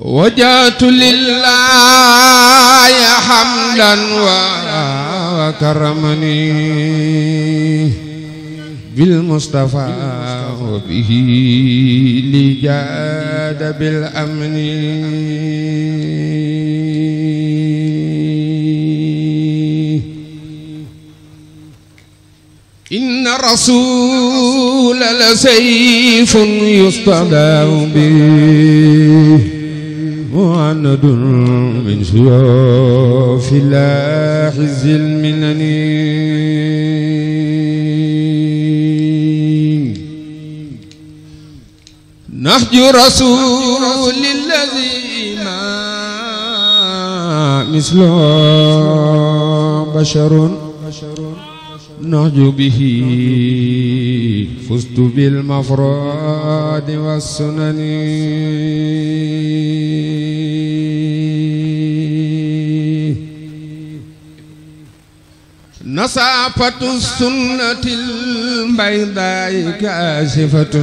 وجهت لله حمدا وكرمني بالمصطفى وبه لجاد بالأمن إن الرسول لسيف يصطدى به في لاحز المنن نهج رسول الذي ما مثله بشر نهج به فزت بالمفراد والسنن نصافة السنة البيضاء كاشفة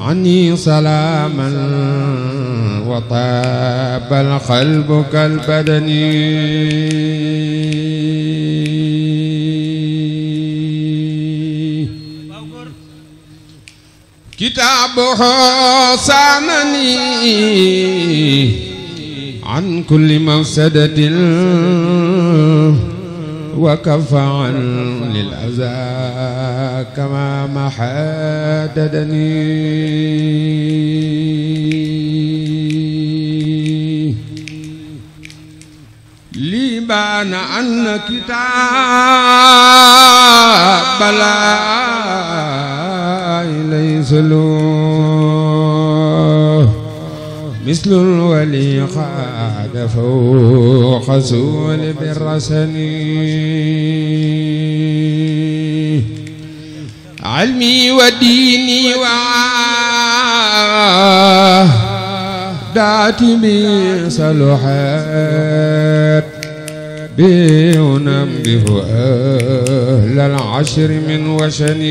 عني سلاما وطاب القلب كالبدن كتابه سانني عن كل مفسدة وكف عني الأذى كما محددني لي بان أن كتاب لا إليه سلوك مثل الولي قاد فوق سول بالرسن علمي وديني وعاداتي بصلحات بينبه أهل العشر من وشني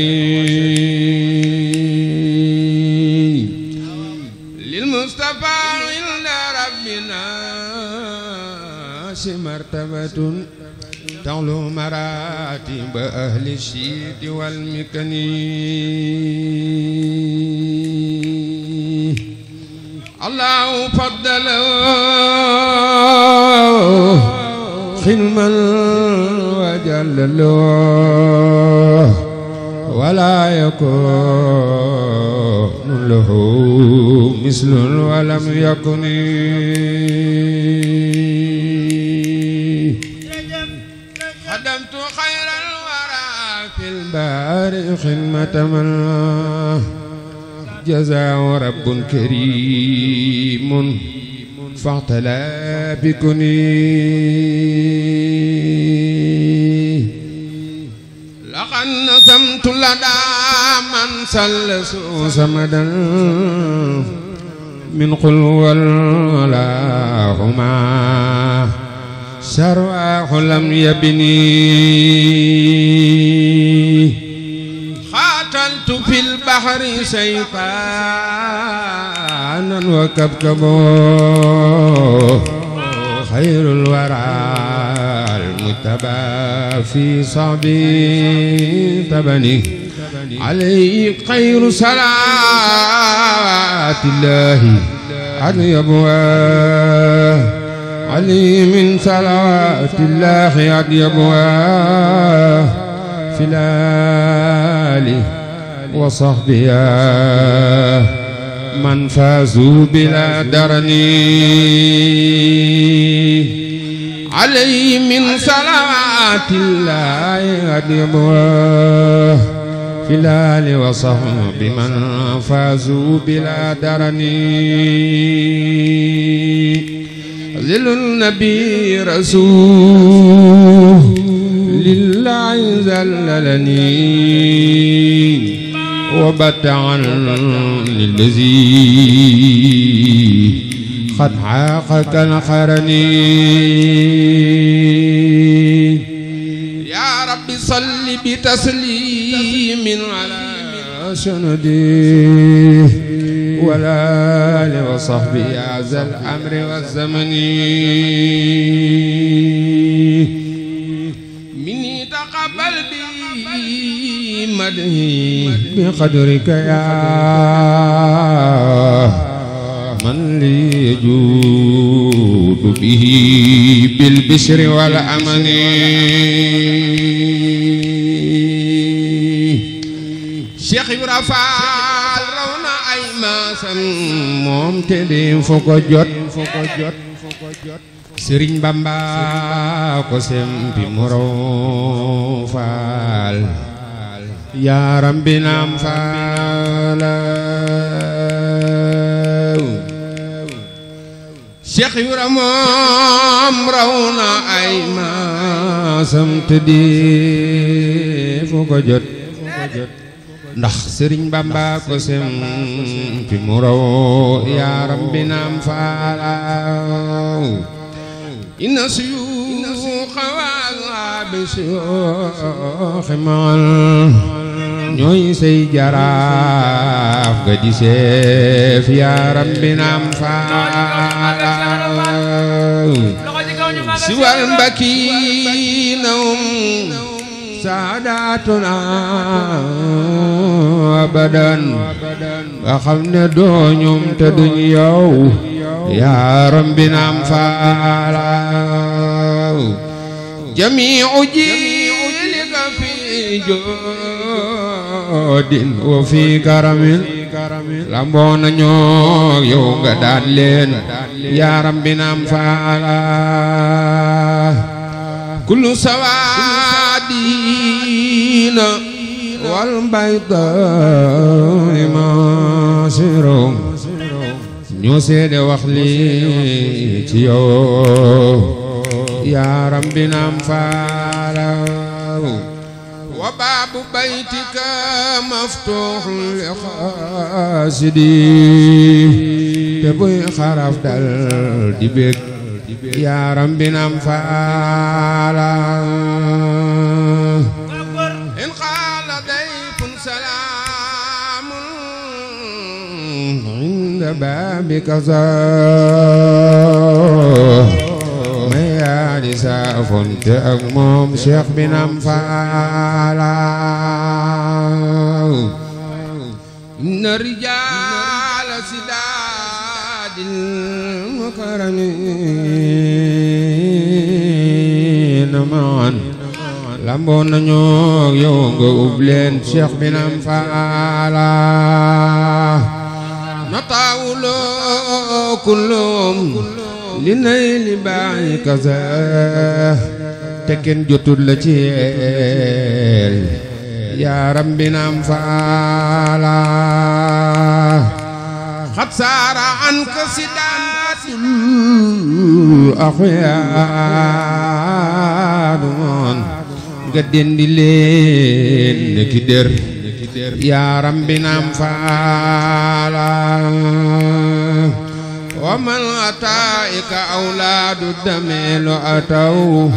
lil Mustafa inda rabbina si martabatun taxlu maratib ahli shiidi wal mikani allahu faddala xilman wa jallalo wala yakun قبله مثل ولم يكن خدمت خير الورى في البار خدمة من جزاء رب كريم فاعتلى بكني لقد نسمت لدى من سلسوا سمدا من قل ولاهما شرواه لم يبني قاتلت في البحر سيطانا وكبكبوه خير الورى المتبى في صعب تبني عليه خير صلاة الله علي أبواه علي من صلوات الله علي أبواه في الآل وصحبه من فازوا بلا درني عليه من صلوات الله علي أبواه في الآل وصحب من فازوا بلا درني ذل النبي رسول لله زللني وبتعا للذي قد حاق كالخرني يا رب صل بتسليم تسليم على سندي ولا آل وصحبه أعز الأمر والزمن مني تقبل بي مدهي بقدرك يا من لي جود به بالبشر والأمن Ibra Faal na ay maasam moom te de fo ko jot fo ko jot fo ko jot Sëriñ Bamba ko sempi mu raw bi naam na ay maasam te de fo ko jot ndax sëriñ bamba ko sem fi mu raw yaa rabbi naam faalaw inna suyuuxa waasabi suyuuxi maal ñooy say jaraaf ga seef yaa rabbi naam faalaw siwal mbakiinahum saadaatuna abadan nga xam ne dooñum te duñ yow yaa rabbi naam faalaw jamii'u fi joodin wa fi karamin lamboo nañoo yow nga yaa rabbi naam faalaw kullu sawaa والبيضاء معاشر ñu seede wax li ci yow يا ربنا انفعل وباب بيتك مفتوح لقاصدي te buy xaraf dal di bég يا ربنا انفعل بابك may yaali saafonte ak moom cheikh bi nam faala na rijaal sidaadil mukarramiina maan lamboon nañu yow nga ubleen cheikh نطاول كلهم لنيل باعي كذا تكن جتل لتيل يا ربنا انفعلا قد سار عنك سداد الأخيان قد دين لين كدر يا ربنا انفعلا ومن أتائك أولاد الدم أتوا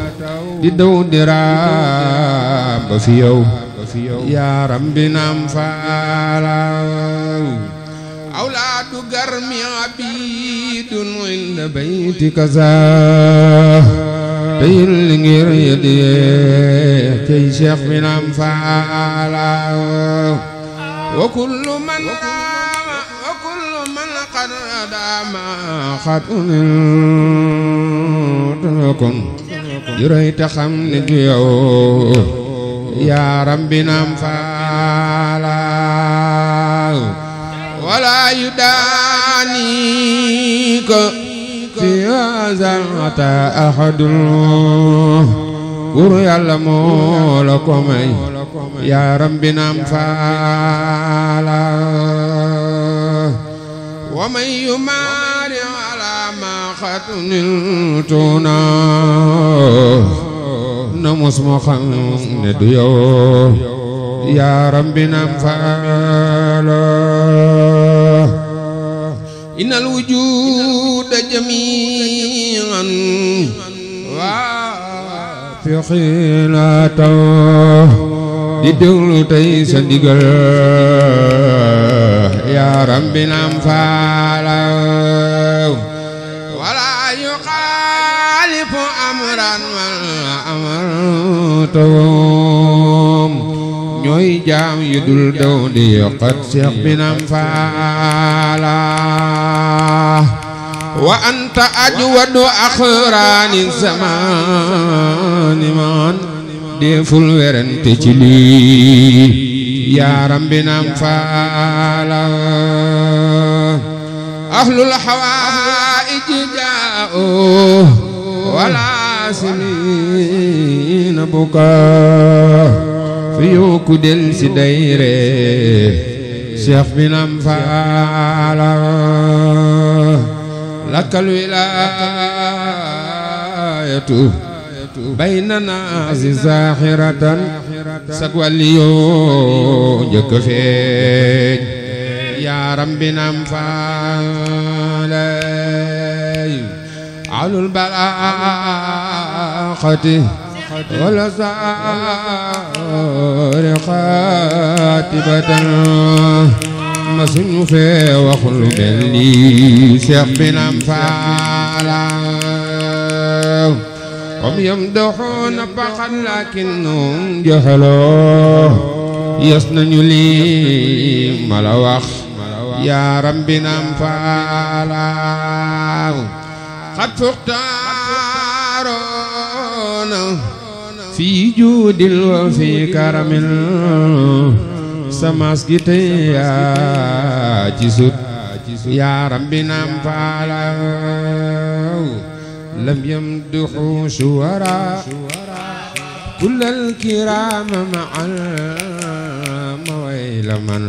ددو دراب في يوم يا ربنا انفعلا أولاد قرم عبيد عند بيتك زاه teyil ngir yediyee tey cheikh bi naam faala wa kullu man daama wa kullu man qad daama xatuniltnakon juróy te xam ne du yow yaa rabbi naam faala wala yudaani ko يا زعمت أحد buur yàlla moo la ko may yaaram bi naam faala wa man yumaari ala ma xatunil tuuna na mos moo xam ne bi الورد جميعا وافقينا توه di déglu tey sa ndigal yaa rabbi naam faalaw wala yu xaalifu amran man amartawum ñooy jaam yu dul daw di yokkat seex bi naam faalaw wa anta ajwadu axraani zamaani maan deful werante ci lii yaaram bi naam faala ahlul xawaaiji jaa'u wala siniina bukaa fi yooku del si dayre cheikh bi naam faala لك الولاية بيننا زاخرة سقوى اليوم يكفيك يا ربنا مفعلي على البلاقة والأسعار خاتبة ma suñu fee waxul lu mel nii Cheikh bi naam faala hum yamdahuuna faqat lakinnahum jahaloo yes nañu lii ma la wax yaa rabbi naam faala qad fuxtaaroona fii juudil wa fii karamil samaas gi tey yaa ci sut yaaram bi naam faalaw lam yam du xuusu wara kullal kiraama ma al ma way la man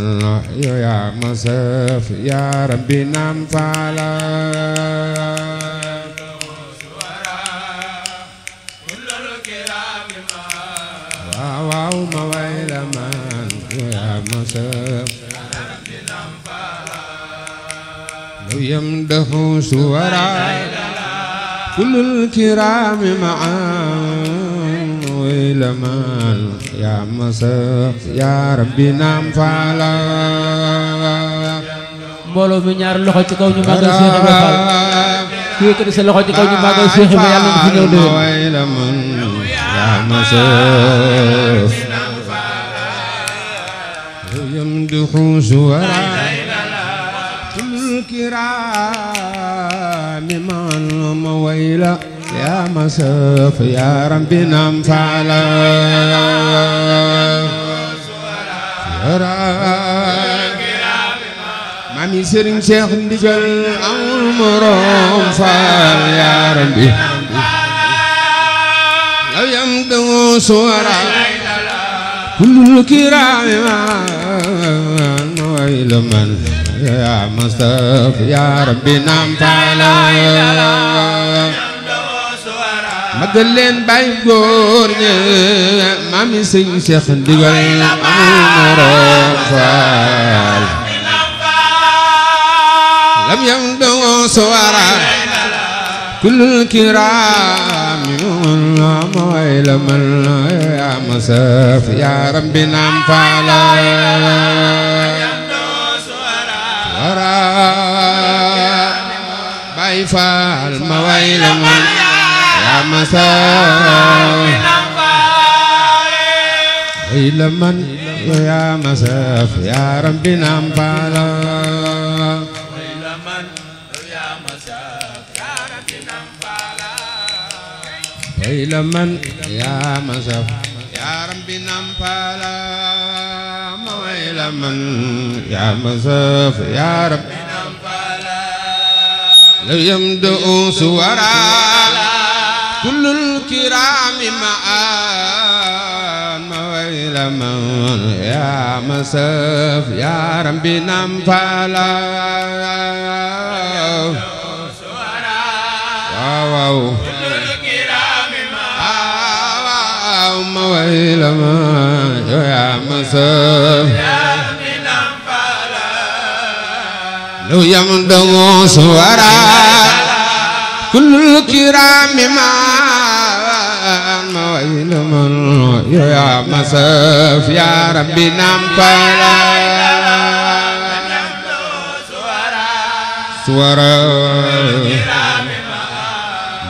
yo yaa ma saf yaaram bi naam faalaw waaw ma way la man مسا لو يمده سورا كل الكرام معا ويلمان يا مسا يا ربي نام فالا mbooloo mi ñaar loxo ci kaw ñu màggal Cheikh Ibrahima Fall ku yëkkati sa loxo ci kaw ñu màggal Cheikh Ibrahima yàlla na fi ñëw déwén يمدح زوارا الكرام معلوم ويلا يا مساف يا رب ننفعلا مامي سيرين شيخ نديجل امرهم فال يا ربي لو يمدو صورا كل الكرام معلوم mooy lu man yaa wara kullul kiraa mooy la mën yaa ma saf yaa rabbi naam faala wara bay faal ma way la mën yaa ma saf way la mën yaa ma saf yaa rabbi naam faala way la mën yaa ma saf yaa rabbi naam faala ويل من يا مسف يا ربي نمفالا ويل من يا مسف يا ربي نمفالا لو يمدؤ سورا كل الكرام معان ويل من يا مسف يا ربي نمفالا السماء يا مساء لو يمدغ سورا كل الكرام ما مويل من يا مساف يا ربي نام فلا سورا سورا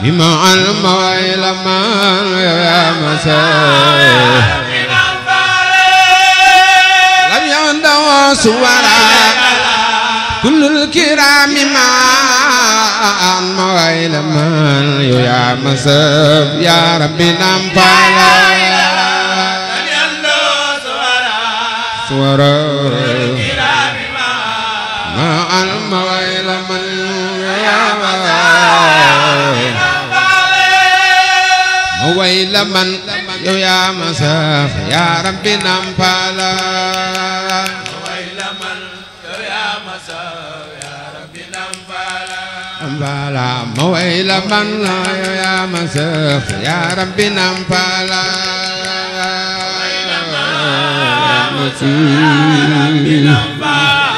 بمع المويل من يا مساء لم يندوا سورا كل الكرام مع المويل من يا مساء يا ربي نمفالا لم يندوا سورا سورا مع المويل من wayla man yow yaa ma saaf yaa rabbi nampala nampala ma wayla man yow yaa ma saaf yaa rabbi nampala ma wayla man yow yaa ma saaf yaa rabbi nampala